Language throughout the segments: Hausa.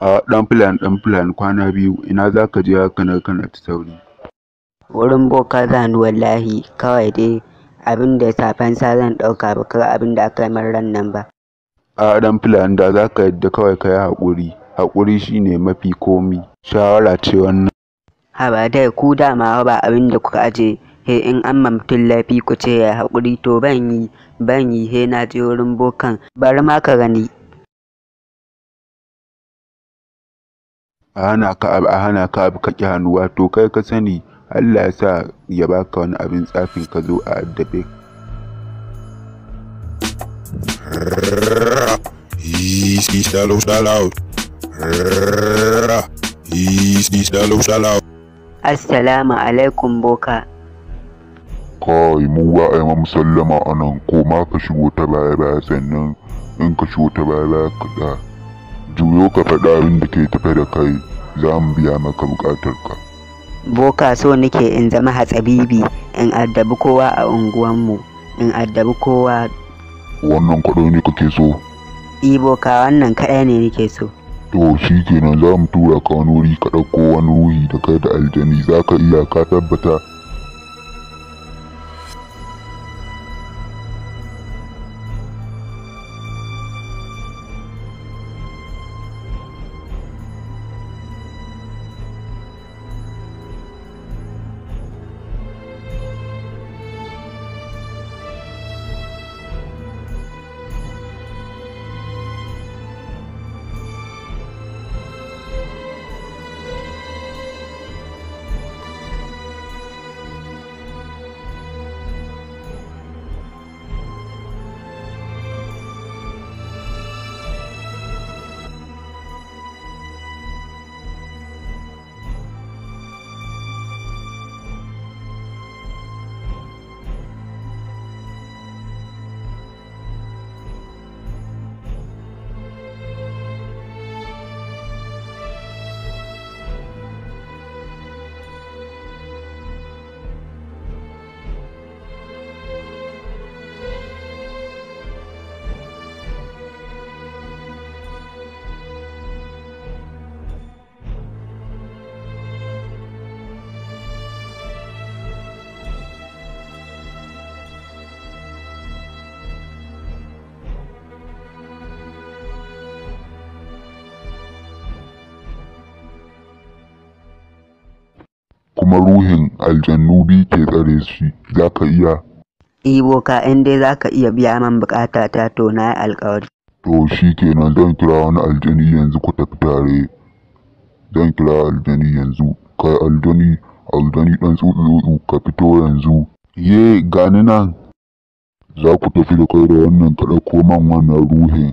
A ɗan fulani ɗan fulani kwana biyu ina za ka je haka na kana ta sauri. Wurin boka zan wallahi kawai dai abin da safen sa zan ɗauka ba kar abin da aka yi ran nan ba. A ɗan fulani da za ka yadda kawai ka yi haƙuri. Haƙuri shine mafi komi. Shawara ce wannan. ba dai ku dama ba abin da kuka aje he in an ma mutum laifi ku ce ya haƙuri to ban yi ban yi he na je wurin bokan bari ma ka gani. a hana ka abu a hana ka abu ka ƙi hannuwa to kai ka sani Allah ya sa ya baka wani abin tsafin ka zo a addabe Assalamu alaikum boka. Kai mu wa ai musallama anan ko ma ka shigo ta baya baya sannan in ka shigo ta baya baya ka juyo ka faɗa abin da ke tafe da kai za mu biya maka ka. boka so nake in zama hatsabibi in addabi kowa a unguwanmu in addabi kowa wannan kwaɗo ne kake so ibo ka wannan kaɗai ne nake so to shi kenan za mu tura ka wani wuri ka ɗauko wani ruhi da kai da aljani za ka iya ka tabbata kuma ruhin aljannu biyu ke tsare shi za ka iya? Ibo boka in dai za ka iya biya min buƙata ta to na yi alƙawari. To shi kenan zan kira wani aljani yanzu ku tafi tare. Zan kira aljani yanzu. Kai aljani, aljani ɗan tsutsu ka fito yanzu. Ye gani nan. Za ku tafi da kai da wannan ka ɗauko man wannan ruhin.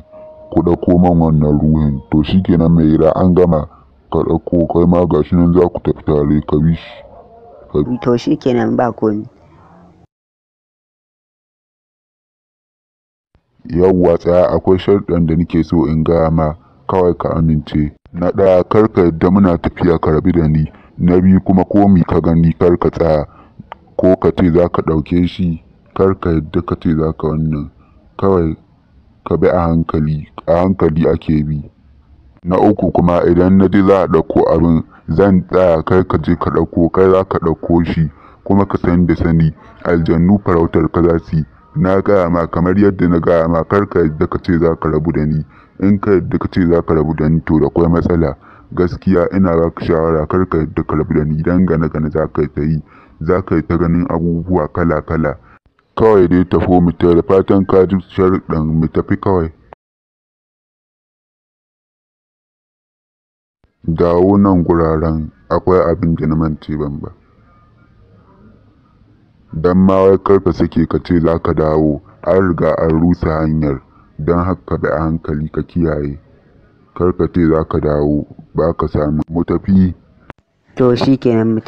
Ku ɗauko man wannan ruhin. To shi kenan mai an gama. ka ɗauko kai ma gashi nan za ku tafi tare ka bi shi. to kenan ba komi yawwa tsaya akwai sharɗan da nake so in gaya ma kawai ka amince na ɗaya karka ka yadda muna tafiya ka rabi da ni na biyu kuma komi ka gani kar tsaya ko ka ce za ka ɗauke shi karka ka yadda ka ce za ka wannan kawai ka bi a hankali a hankali ake bi na uku kuma idan na ji za a ɗauko abin zan tsaya kai ka je ka ɗauko kai za ka ɗauko shi kuma ka san da sani aljannu farautar ka za su na gaya ma kamar yadda na gaya ma kar ka yadda ka ce za ka rabu da ni in ka yadda ka ce za ka rabu da ni to da kwai matsala gaskiya ina ba ka shawara kar ka yadda ka rabu da ni idan gane gane za ka ta yi za ka yi ta ganin abubuwa kala kala kawai dai tafo mu da fatan ka ji sharuɗan mu tafi kawai dawo nan guraren akwai abin da na mance ban ba don ma wai karka suke ka ce za ka dawo an riga an rusa hanyar don haka da hankali ka kiyaye karka ce za ka dawo ba ka samu mu to shi kenan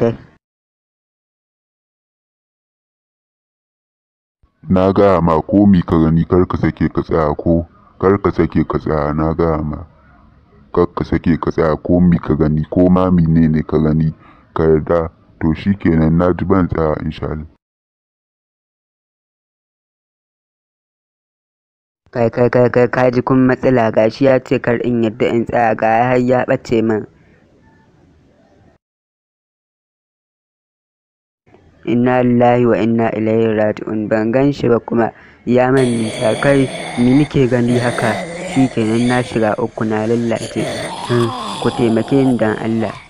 na gaya ma komi ka gani karka sake ka tsaya ko karka sake ka tsaya na gaya ma kar ka sake ka tsaya ko mi ka gani ko ma ne ka gani ka yarda to shikenan na ji ban tsaya insha Allah. kai kai kai kai ka ji kun matsala ga shi ya ce kar in yadda in tsaya ga har ya bace min inna lillahi wa inna ilaihi raji'un ban gan shi ba kuma ya man nisa kai ni nike gani haka shi kenan na shiga uku na lallace hmm, ku taimake ni dan Allah